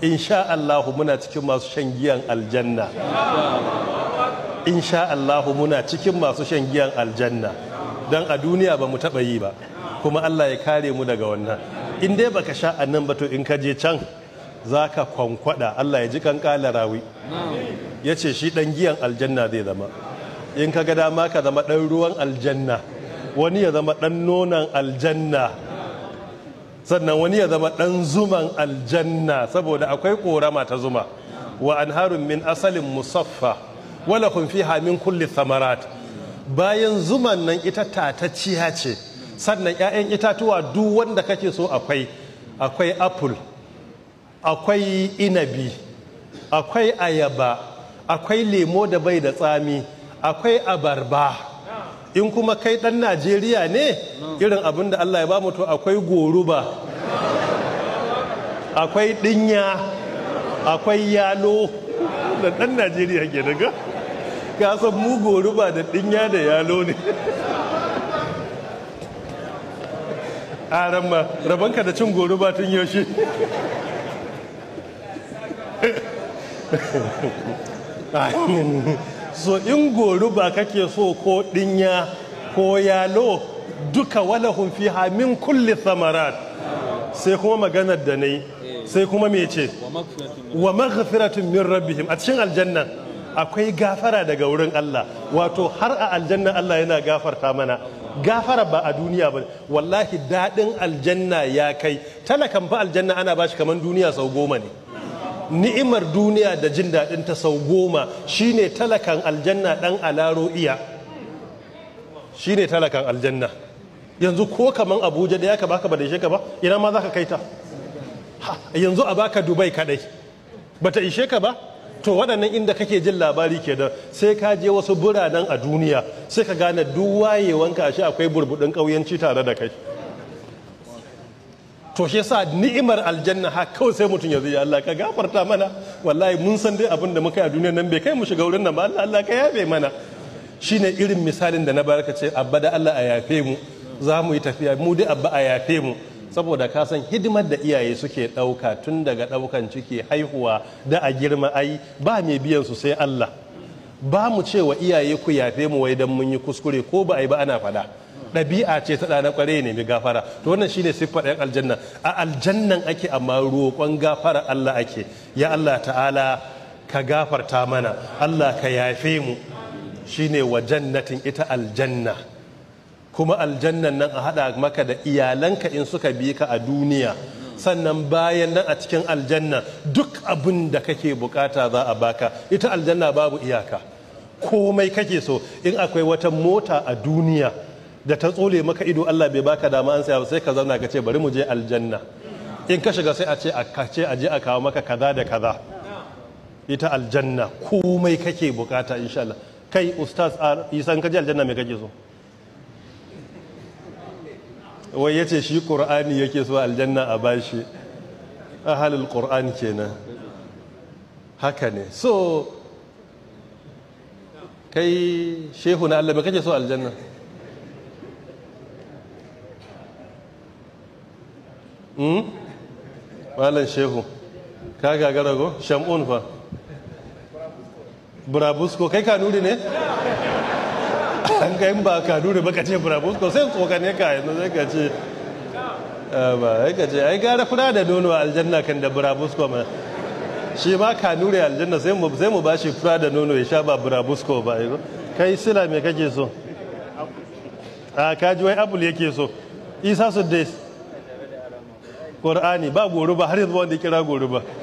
insha Allahu muna cikin masu shan giyan aljanna insha Allahu muna cikin masu shan giyan aljanna don a duniya ba mu taɓa yi ba kuma Allah ya kare mu daga wannan in dai baka sha nan ba to in ka je can za ka kwankwada Allah ya ji kan rawi ya ce shi ɗan giyan aljanna zai zama in ka ga dama ka zama ɗan ruwan aljanna wani ya zama ɗan nonon aljanna sannan wani ya zama ɗan zuman aljanna saboda akwai ƙorama ta zuma wa anharun min asalin musaffa wala kun fi hamin kulli samarat bayan zuman nan ita tatacciya ce sannan 'ya'yan itatuwa duk wanda kake so akwai akwai apple akwai inabi akwai ayaba akwai lemo da bai da tsami akwai abarba in kuma kai dan najeriya ne irin abin da allah ya ba mu to akwai goruba akwai dinya akwai yalo da dan najeriya ke daga kasan mu goruba da dinya da yalo ne a rabanka da cin goruba tun yoshi amin so in ba kake so ko dinya ko yalo duka walahun fiha min kulli thamarat sai kuma maganar da nayi sai kuma me ce wa maghfiratun min rabbihim a cikin aljanna akwai gafara daga wurin Allah wato har a aljanna Allah yana gafarta mana gafara ba a duniya ba wallahi daɗin aljanna ya kai talakan ba aljanna ana bashi kaman duniya sau goma ne ni'imar duniya da jin daɗin ta sau goma shine talakan aljanna ɗan alaro iya shine talakan aljanna yanzu ko kaman abuja da ya ka baka ba da ishe ka ba ina ma za ka kai ta yanzu a baka dubai kadai ta ishe ka ba to waɗannan inda kake jin labari ke da sai ka je wasu biranen a duniya sai ka gane duk wayewanka a shi akwai burbuɗin ƙauyenci tare da kai to shi yasa ni'imar aljanna ha kawai sai mutum ya zai Allah ka gafarta mana wallahi mun san dai abin da muka yi a duniya nan bai kai mu shiga wurin nan ba Allah Allah ka yafe mana shine irin misalin da na baraka ce abba da Allah a yafe mu za mu yi tafiya mu dai abba a yafe mu saboda ka san hidimar da iyaye suke ɗauka tun daga ɗaukan ciki haihuwa da a girma ai ba mai biyan su sai Allah ba mu cewa iyaye ku yafe mu wai dan mun yi kuskure ko ba ai ba ana faɗa ɗabi'a ce ta ɗana ƙware ne mai gafara to wannan shine siffar ɗan aljanna a aljannan ake amma roƙon gafara Allah ake ya Allah ta'ala ka gafarta mana Allah ka yafe mu shine wa jannatin ita aljanna kuma aljannan nan a haɗa maka da iyalanka in suka bi ka a duniya sannan bayan nan a cikin aljanna duk abin da kake bukata za a baka ita aljanna babu iyaka komai kake so in akwai wata mota a duniya da ta tsole maka ido Allah bai baka dama an ba sai ka zauna ka ce bari mu je aljanna in ka shiga sai a ce a kace a je a kawo maka kaza da kaza ita aljanna komai kake bukata insha Allah kai ustaz isan ka je aljanna me kake so wai yace shi qur'ani yake so aljanna a bashi ahalul qur'an kenan haka ne so kai shehu na Allah me kake so aljanna Hmm? malam shehu ka gagara go shamun fa burabusko kai kanuri ne an ga in ba kanuri ba ka ce burabusko sai tsokane ka yanzu sai ka ce ba sai ka ce ai gara fura da nono a aljanna kan da burabusko ma shi ma kanuri aljanna sai mu sai mu bashi fura da nono ya sha ba burabusko ba kai sila me kake so a kaji wai abul yake so isa su dai ƙur'ani ba gori ba har yanzu wanda ya kira gori ba